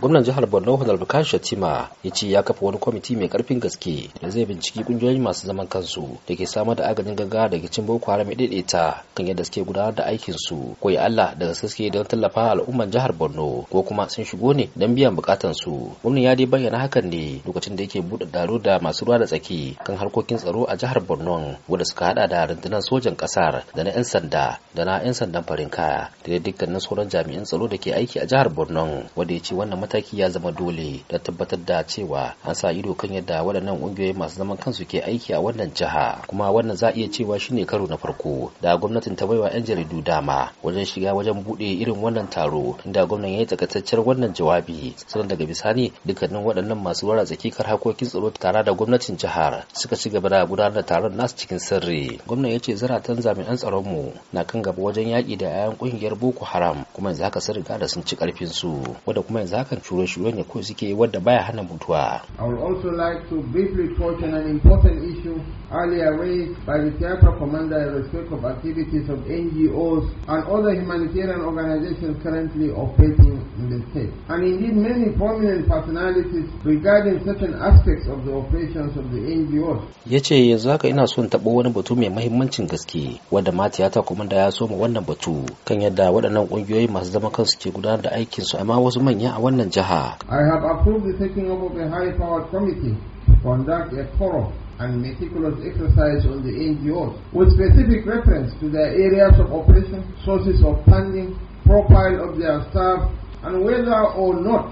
gwamnan jihar borno hudal bukar shatima ya ce ya kafa wani kwamiti mai karfin gaske da zai binciki kungiyoyi masu zaman kansu da ke samar da agajin gaggawa daga cin boko haram daidaita kan yadda suke gudanar da aikin su ko ya allah da gaske suke don tallafa al'umman jihar borno ko kuma sun shigo ne don biyan bukatan su gwamnan ya dai bayyana hakan ne lokacin da yake buɗe daro da masu ruwa da tsaki kan harkokin tsaro a jihar borno wanda suka hada da rundunar sojan kasar da na 'yan sanda da na 'yan sandan farin kaya da dukkanin sauran jami'an tsaro da ke aiki a jihar borno wanda ya ce wannan mataki ya zama dole da tabbatar da cewa an sa ido kan yadda waɗannan ƙungiyoyi masu zaman kansu ke aiki a wannan jiha kuma wannan za a iya cewa shine karo na farko da gwamnatin ta baiwa 'yan jaridu dama wajen shiga wajen buɗe irin wannan taro inda gwamnan ya yi takaitaccen wannan jawabi sannan daga bisani dukkanin waɗannan masu wara tsakikar harkokin tsaro tare da gwamnatin jihar suka ci gaba da gudanar da taron nasu cikin sirri gwamnan ya ce zaratan jami'an tsaronmu na kan gaba wajen yaƙi da 'ya'yan ƙungiyar boko haram kuma yanzu haka sun riga da sun ci ƙarfin su wanda kuma yanzu haka shure-shure ne ko suke wadda baya hana mutuwa. I would also like to briefly touch on an important issue earlier raised by the Biafra commander in respect of activities of NGOs and other humanitarian organizations currently operating and indeed many prominent personalities regarding certain aspects of the operations of the NGOs. Ya ce yanzu haka ina son taɓo wani batu mai mahimmancin gaske wanda ya wannan batu kan yadda waɗannan ƙungiyoyi masu kansu ke gudanar da aikinsu amma wasu manya a wannan jiha. I have approved the taking up of a high-powered committee to conduct a thorough and meticulous exercise on the NGOs with specific reference to their areas of operation, sources of funding, profile of their staff, and whether or not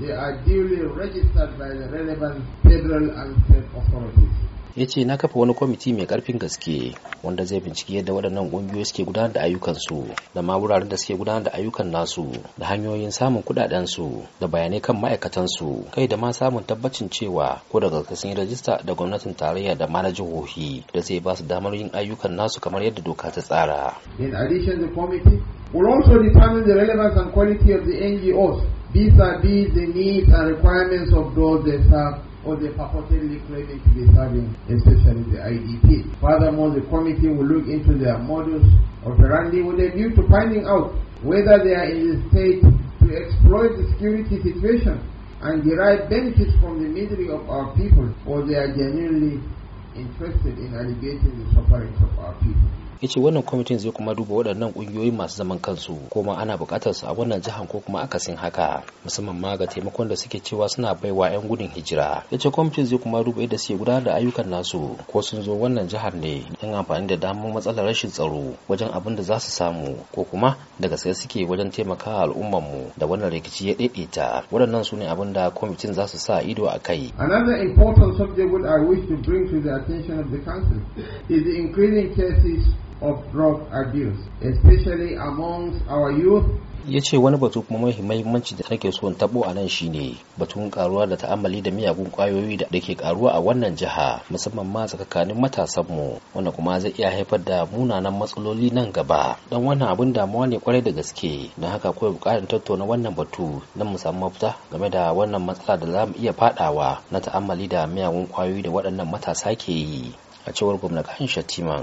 they are duly registered by the relevant federal and state authorities. ya ce na kafa wani kwamiti mai karfin gaske wanda zai binciki yadda waɗannan ƙungiyoyi suke gudanar da ayyukansu da ma wuraren da suke gudanar da ayyukan nasu da hanyoyin samun kuɗaɗensu da bayanai kan ma'aikatansu kai da ma samun tabbacin cewa ko da gaske sun yi rajista da gwamnatin tarayya da ma na jihohi da zai ba su damar yin ayyukan nasu kamar yadda doka ta tsara. In addition the committee will also determine the relevance and quality of the NGOs vis a vis -vis the needs and requirements of those they serve or they purportedly claiming to be serving, especially the IDP. Furthermore, the committee will look into their modus operandi with a view to finding out whether they are in the state to exploit the security situation and derive benefits from the misery of our people, or they are genuinely interested in alleviating the sufferings of our people. ya ce wannan kwamitin zai kuma duba waɗannan ƙungiyoyi masu zaman kansu ko ma ana buƙatar su a wannan jihar ko kuma akasin haka musamman ma ga taimakon da suke cewa suna baiwa 'yan gudun hijira ya ce kwamitin zai kuma duba yadda suke gudanar da ayyukan nasu ko sun zo wannan jihar ne don amfani da damar matsalar rashin tsaro wajen abin da za su samu ko kuma daga sai suke wajen taimakawa mu da wannan rikici ya daidaita waɗannan su ne abin da kwamitin za su sa ido a kai another important subject which i wish to bring to the attention of the council is the increasing cases of drug abuse, especially amongst our youth ya ce wani batu kuma mai mahimmanci da nake son tabo a nan shine batun karuwa da ta'amali da miyagun kwayoyi da ke karuwa a wannan jiha musamman ma tsakanin matasanmu wanda kuma zai iya haifar da munanan matsaloli nan gaba don wannan abin damuwa ne kwarai da gaske don haka kawai bukatar tattauna wannan batu don mu samu mafita game da wannan matsala da za mu iya fadawa na ta'ammali da miyagun kwayoyi da waɗannan matasa ke yi a cewar gwamnati shatiman